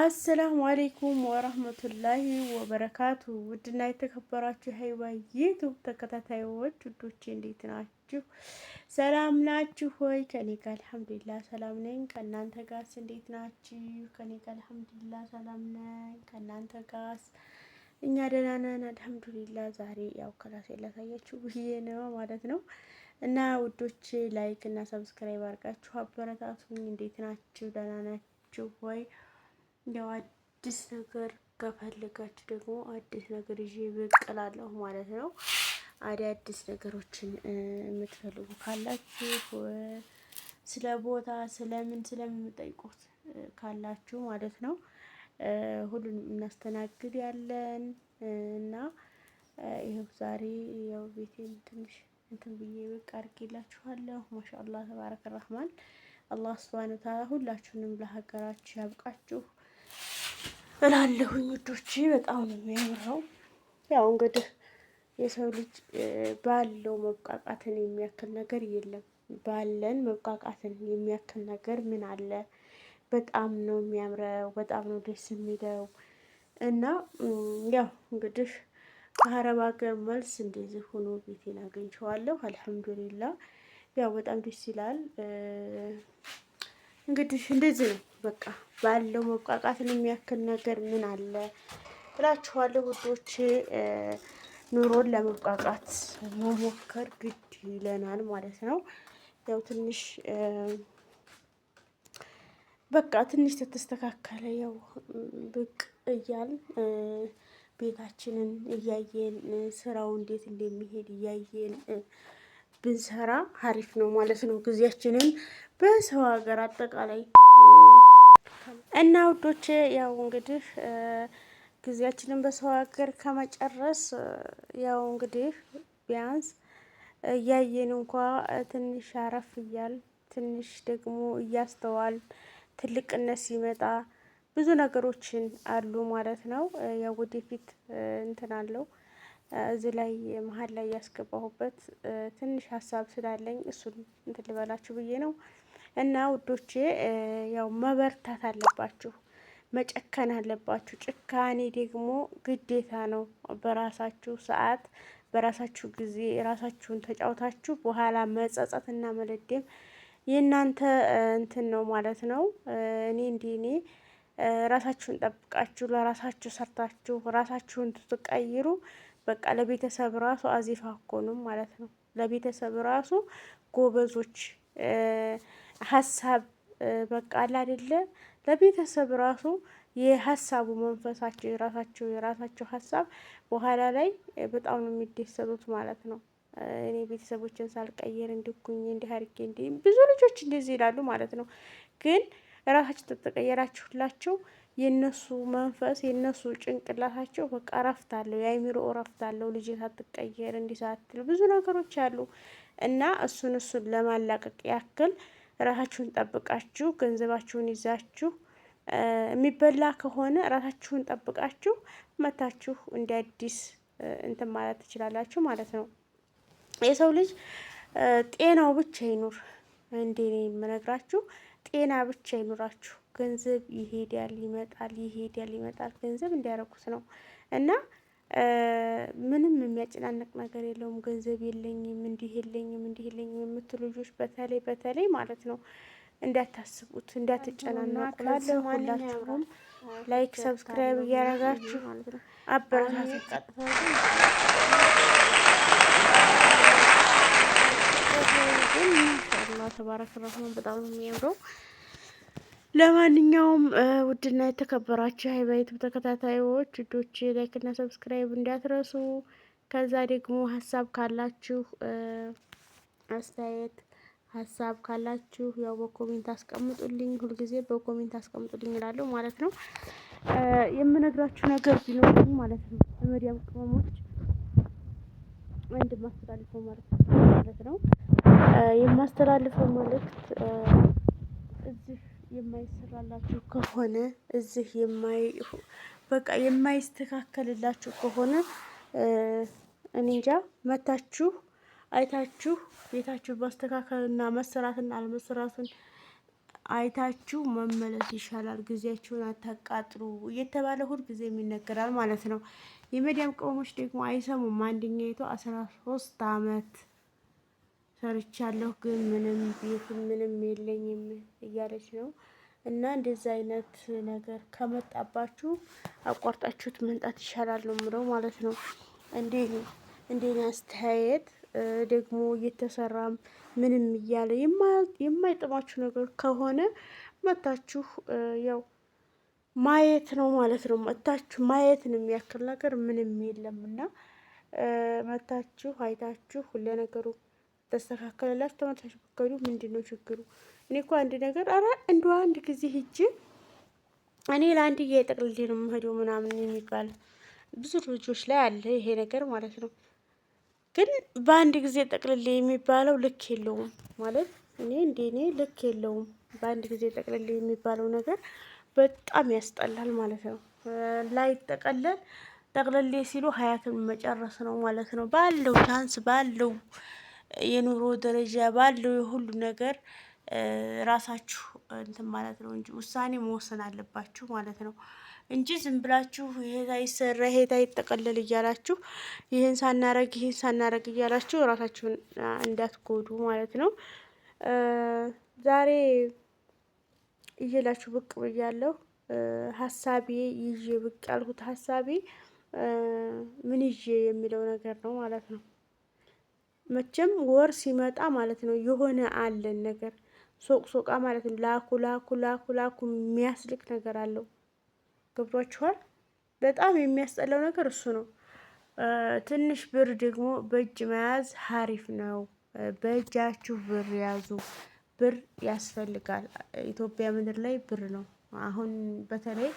አሰላሙ አሌይኩም ወረህመቱላሂ ወበረካቱ። ውድና የተከበራችሁ ሀይባ ዩቱብ ተከታታዮች ውዶቼ እንዴት ናችሁ? ሰላም ናችሁ ሆይ? ከኔ ጋር አልሐምዱሊላህ ሰላም ነኝ። ከእናንተ ጋርስ እንዴት ናችሁ? ከኔ ጋር አልሐምዱሊላህ ሰላም ነኝ። ከእናንተ ጋርስ እኛ ደህና ነን አልሐምዱሊላህ። ዛሬ ያው ከራሴ ላሳያችሁ ብዬ ነው ማለት ነው እና ውዶቼ ላይክ እና ሰብስክራይብ አድርጋችሁ አበረታቱኝ። እንዴት ናችሁ? ደህና ናችሁ ሆይ? ያው አዲስ ነገር ከፈለጋችሁ ደግሞ አዲስ ነገር ይዤ ብቅ እላለሁ ማለት ነው። አዳዲስ ነገሮችን የምትፈልጉ ካላችሁ ስለ ቦታ ስለምን ስለምንጠይቁት ካላችሁ ማለት ነው ሁሉንም እናስተናግድ ያለን እና ይኸው ዛሬ ያው ቤቴን ትንሽ እንትን ብዬ ብቅ አድርጌላችኋለሁ። ማሻአላህ ተባረከ ረህማን አላህ ስብሃነ ወተዓላ ሁላችሁንም ለሀገራችሁ ያብቃችሁ። እላለሁኝ ውዶች፣ በጣም ነው የሚያምረው። ያው እንግዲህ የሰው ልጅ ባለው መብቃቃትን የሚያክል ነገር የለም። ባለን መብቃቃትን የሚያክል ነገር ምን አለ? በጣም ነው የሚያምረው። በጣም ነው ደስ የሚለው እና ያው እንግዲህ ከአረብ ሀገር መልስ እንደዚህ ሆኖ ቤቴን አግኝቼዋለሁ። አልሐምዱሊላ ያው በጣም ደስ ይላል። እንግዲህ እንደዚህ ነው በቃ ባለው መብቃቃትን የሚያክል ነገር ምን አለ እላችኋለሁ ውዶቼ። ኑሮን ለመብቃቃት መሞከር ግድ ይለናል ማለት ነው። ያው ትንሽ በቃ ትንሽ ተተስተካከለ ያው ብቅ እያል ቤታችንን እያየን ስራው እንዴት እንደሚሄድ እያየን ብንሰራ ሀሪፍ ነው ማለት ነው። ጊዜያችንን በሰው ሀገር አጠቃላይ እና ውዶቼ ያው እንግዲህ ጊዜያችንን በሰው ሀገር ከመጨረስ ያው እንግዲህ ቢያንስ እያየን እንኳ ትንሽ አረፍ እያል ትንሽ ደግሞ እያስተዋል ትልቅነት ሲመጣ ብዙ ነገሮችን አሉ ማለት ነው። ያው ወደፊት እንትን አለው እዚህ ላይ መሀል ላይ ያስገባሁበት ትንሽ ሀሳብ ስላለኝ እሱን እንትን ልበላችሁ ብዬ ነው። እና ውዶቼ ያው መበርታት አለባችሁ፣ መጨከን አለባችሁ። ጭካኔ ደግሞ ግዴታ ነው። በራሳችሁ ሰዓት፣ በራሳችሁ ጊዜ ራሳችሁን ተጫውታችሁ በኋላ መጸጸት እና መለደም የእናንተ እንትን ነው ማለት ነው። እኔ እንዲህ እኔ ራሳችሁን ጠብቃችሁ ለራሳችሁ ሰርታችሁ ራሳችሁን ትቀይሩ በቃ ለቤተሰብ ራሱ አዚፋ እኮ ማለት ነው። ለቤተሰብ ራሱ ጎበዞች ሀሳብ በቃ አለ አይደለ ለቤተሰብ ራሱ የሀሳቡ መንፈሳቸው የራሳቸው የራሳቸው ሀሳብ በኋላ ላይ በጣም ነው የሚደሰቱት ማለት ነው። እኔ ቤተሰቦችን ሳልቀየር እንዲኩኝ እንዲህ አድርጌ እንዲህ ብዙ ልጆች እንደዚህ ይላሉ ማለት ነው። ግን ራሳቸው ተቀየራችሁላቸው የነሱ መንፈስ የነሱ ጭንቅላታቸው በቃ እረፍት አለው፣ የአይምሮ እረፍት አለው። ልጅ ሳትቀየር እንዲህ ሳትል ብዙ ነገሮች አሉ እና እሱን እሱን ለማላቀቅ ያክል ራሳችሁን ጠብቃችሁ ገንዘባችሁን ይዛችሁ የሚበላ ከሆነ ራሳችሁን ጠብቃችሁ መታችሁ እንደ አዲስ እንትን ማለት ትችላላችሁ ማለት ነው። የሰው ልጅ ጤናው ብቻ ይኑር እንዴ፣ የምነግራችሁ ጤና ብቻ ይኑራችሁ። ገንዘብ ይሄዳል ይመጣል፣ ይሄዳል ይመጣል፣ ገንዘብ እንዲያረኩት ነው እና ምንም የሚያጨናንቅ ነገር የለውም። ገንዘብ የለኝም፣ እንዲህ የለኝም፣ እንዲህ የለኝም የምትሉ ልጆች በተለይ በተለይ ማለት ነው እንዳታስቡት፣ እንዳትጨናነቁ ላይክ፣ ሰብስክራይብ እያረጋችሁ አበረታቱ። ተባረክ ረህማን በጣም ነው የሚያምረው። ለማንኛውም ውድና የተከበራችሁ ሀይባይቱ ተከታታዮች ውዶች ላይክና ሰብስክራይብ እንዳትረሱ። ከዛ ደግሞ ሀሳብ ካላችሁ አስተያየት ሀሳብ ካላችሁ ያው በኮሜንት አስቀምጡልኝ። ሁልጊዜ በኮሜንት አስቀምጡልኝ እላለሁ ማለት ነው። የምነግራችሁ ነገር ቢኖር ማለት ነው ለመዲያም ቅመሞች አንድ ማስተላልፈው ማለት ነው የማስተላልፈው መልእክት እዚህ የማይሰራላችሁ ከሆነ እዚህ በቃ የማይስተካከልላችሁ ከሆነ እኔ እንጃ መታችሁ አይታችሁ ቤታችሁ ማስተካከልና መሰራትና አለመሰራትን አይታችሁ መመለስ ይሻላል። ጊዜያችሁን አታቃጥሩ እየተባለ ጊዜ ይነገራል ማለት ነው። የመዲያም ቅመሞች ደግሞ አይሰሙም። አንደኛይቱ አስራ ሶስት አመት ሰርቻለሁ ግን ምንም ቤት ምንም የለኝም እያለች ነው። እና እንደዚ አይነት ነገር ከመጣባችሁ አቋርጣችሁት መምጣት ይሻላል ነው ምለው ማለት ነው። እንደኔ አስተያየት ደግሞ እየተሰራም ምንም እያለ የማይጥማችሁ ነገር ከሆነ መታችሁ ያው ማየት ነው ማለት ነው። መታችሁ ማየት ነው የሚያክል ነገር ምንም የለም እና መታችሁ አይታችሁ ለነገሩ ተስተካከለላችሁ ተመልሳችሁ ብትከዱ ምንድን ነው ችግሩ? እኔ እኮ አንድ ነገር አረ እንደ አንድ ጊዜ ሂጅ እኔ ለአንድ እየጠቅልል ነው የምሄደው ምናምን የሚባል ብዙ ልጆች ላይ አለ ይሄ ነገር ማለት ነው። ግን በአንድ ጊዜ ጠቅልል የሚባለው ልክ የለውም ማለት እኔ እንደ እኔ ልክ የለውም። በአንድ ጊዜ ጠቅልል የሚባለው ነገር በጣም ያስጠላል ማለት ነው። ላይጠቀለል ጠቅልሌ ሲሉ ሀያትን መጨረስ ነው ማለት ነው። ባለው ቻንስ ባለው የኑሮ ደረጃ ባለው የሁሉ ነገር ራሳችሁ እንትን ማለት ነው እንጂ ውሳኔ መወሰን አለባችሁ ማለት ነው እንጂ ዝም ብላችሁ ይሄታ ይሰራ ይሄታ ይጠቀለል እያላችሁ ይህን ሳናረግ ይህን ሳናረግ እያላችሁ ራሳችሁን እንዳትጎዱ ማለት ነው። ዛሬ እየላችሁ ብቅ ብያለሁ። ሀሳቤ ይዤ ብቅ ያልኩት ሀሳቤ ምን ይዤ የሚለው ነገር ነው ማለት ነው። መቼም ወር ሲመጣ ማለት ነው የሆነ አለን ነገር ሶቅ ሶቃ ማለት ነው። ላኩ ላኩ ላኩ ላኩ የሚያስልክ ነገር አለው። ገብቷችኋል? በጣም የሚያስጠላው ነገር እሱ ነው። ትንሽ ብር ደግሞ በእጅ መያዝ ሀሪፍ ነው። በእጃችሁ ብር ያዙ። ብር ያስፈልጋል። ኢትዮጵያ ምድር ላይ ብር ነው። አሁን በተለይ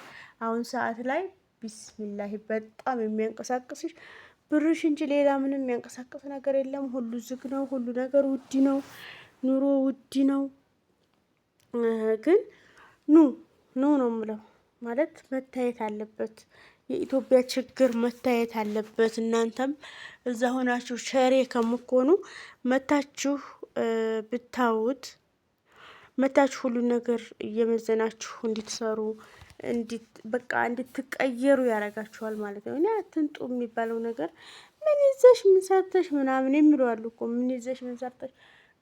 አሁን ሰዓት ላይ ቢስሚላሂ በጣም የሚያንቀሳቅስሽ ብርሽ እንጂ ሌላ ምንም የሚያንቀሳቅስ ነገር የለም። ሁሉ ዝግ ነው። ሁሉ ነገር ውድ ነው። ኑሮ ውድ ነው። ግን ኑ ኑ ነው የምለው ማለት መታየት አለበት። የኢትዮጵያ ችግር መታየት አለበት። እናንተም እዛ ሆናችሁ ሸሬ ከምኮኑ መታችሁ ብታዩት መታችሁ ሁሉን ነገር እየመዘናችሁ እንዲትሰሩ በቃ እንድትቀየሩ ያደርጋችኋል ማለት ነው። እኔ አትንጡ የሚባለው ነገር ምን ይዘሽ ምን ሰርተሽ ምናምን የሚሉ አሉ እኮ ምን ይዘሽ ምን ሰርተሽ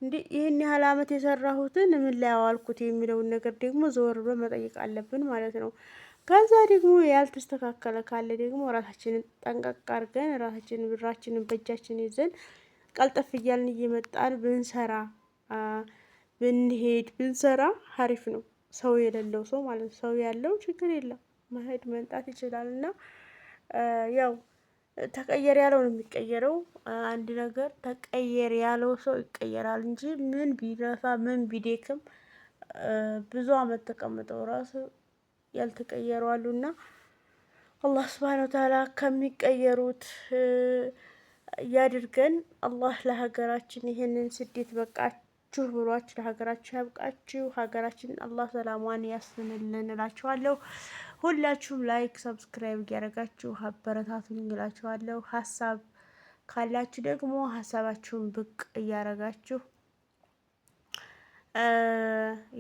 እንዴ ይህን ያህል አመት የሰራሁትን ምን ላይ አዋልኩት የሚለውን ነገር ደግሞ ዘወር ብሎ መጠየቅ አለብን ማለት ነው። ከዛ ደግሞ ያልተስተካከለ ካለ ደግሞ ራሳችንን ጠንቀቅ አድርገን ራሳችንን ብራችንን በእጃችን ይዘን ቀልጠፍ እያልን እየመጣን ብንሰራ ብንሄድ ብንሰራ ሀሪፍ ነው። ሰው የሌለው ሰው ማለት ነው። ሰው ያለው ችግር የለም መሄድ መምጣት ይችላል። እና ያው ተቀየር ያለው ነው የሚቀየረው። አንድ ነገር ተቀየር ያለው ሰው ይቀየራል እንጂ ምን ቢረፋ ምን ቢደክም ብዙ አመት ተቀምጠው ራሱ ያልተቀየሩ አሉ እና አላህ ስብሐነሁ ወተዓላ ከሚቀየሩት ያድርገን። አላህ ለሀገራችን ይህንን ስደት በቃ ብሏችሁ ብሏችሁ ለሀገራችሁ ያብቃችሁ። ሀገራችን አላህ ሰላሟን ያስንልን እላችኋለሁ። ሁላችሁም ላይክ፣ ሰብስክራይብ እያደረጋችሁ አበረታቱኝ እላችኋለሁ። ሀሳብ ካላችሁ ደግሞ ሀሳባችሁን ብቅ እያደረጋችሁ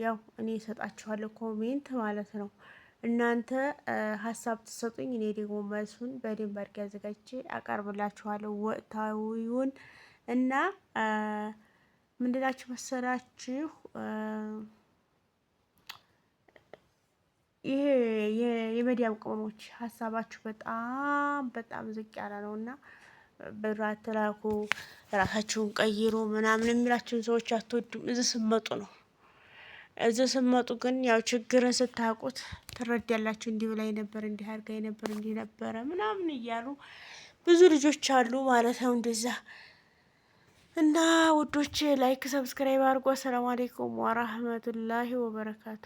ያው እኔ እሰጣችኋለሁ ኮሜንት ማለት ነው። እናንተ ሀሳብ ትሰጡኝ፣ እኔ ደግሞ መልሱን በደንብ አድርጌ አዘጋጅቼ አቀርብላችኋለሁ ወቅታዊውን እና ምንድናችሁ መሰላችሁ ይሄ የመዲያም ቅመሞች ሀሳባችሁ በጣም በጣም ዝቅ ያለ ነው እና ብር አትላኩ፣ ራሳችሁን ቀይሩ ምናምን የሚላችሁን ሰዎች አትወዱም። እዚህ ስመጡ ነው እዚህ ስመጡ ግን ያው ችግርን ስታውቁት ትረዳላችሁ። እንዲህ ብላኝ ነበር፣ እንዲህ አድርጋኝ ነበር፣ እንዲህ ነበረ ምናምን እያሉ ብዙ ልጆች አሉ ማለት ነው እንደዛ እና ውዶች ላይክ ሰብስክራይብ አድርጎ። አሰላሙ አሌይኩም ወራህመቱላሂ ወበረካቱ።